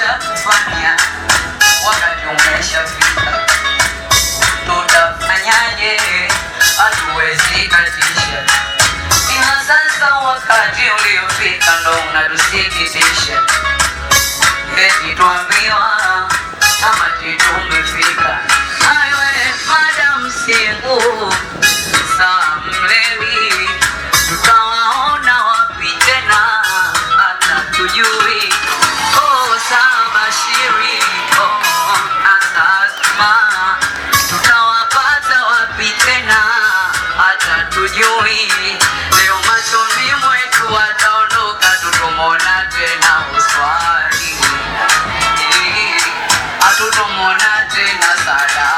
kuonyesha Tanzania wanatuonyesha vita, tutafanyaje? Hatuwezi katisha, ina sasa wakati uliofika, ndo unatusikitisha eti kama kitu umefika. Awe Atutomonaje na sala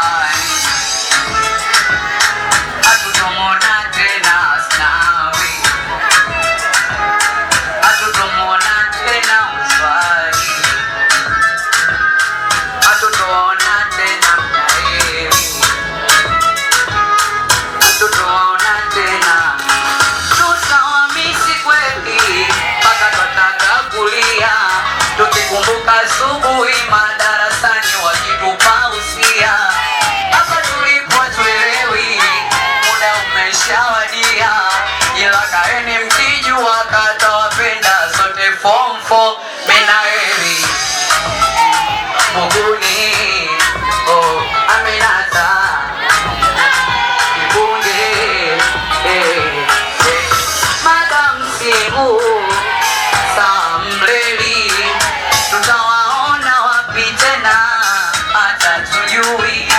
Kumbuka asubuhi madarasani wakitupa usia, hapa tulipo hatuelewi, muda umeshawadia, ila kaeni mkijua katawapenda sote form four attached to you.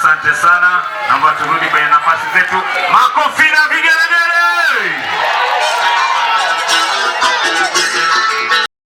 Asante sana, naomba turudi kwenye nafasi zetu. Makofi na vigelegele.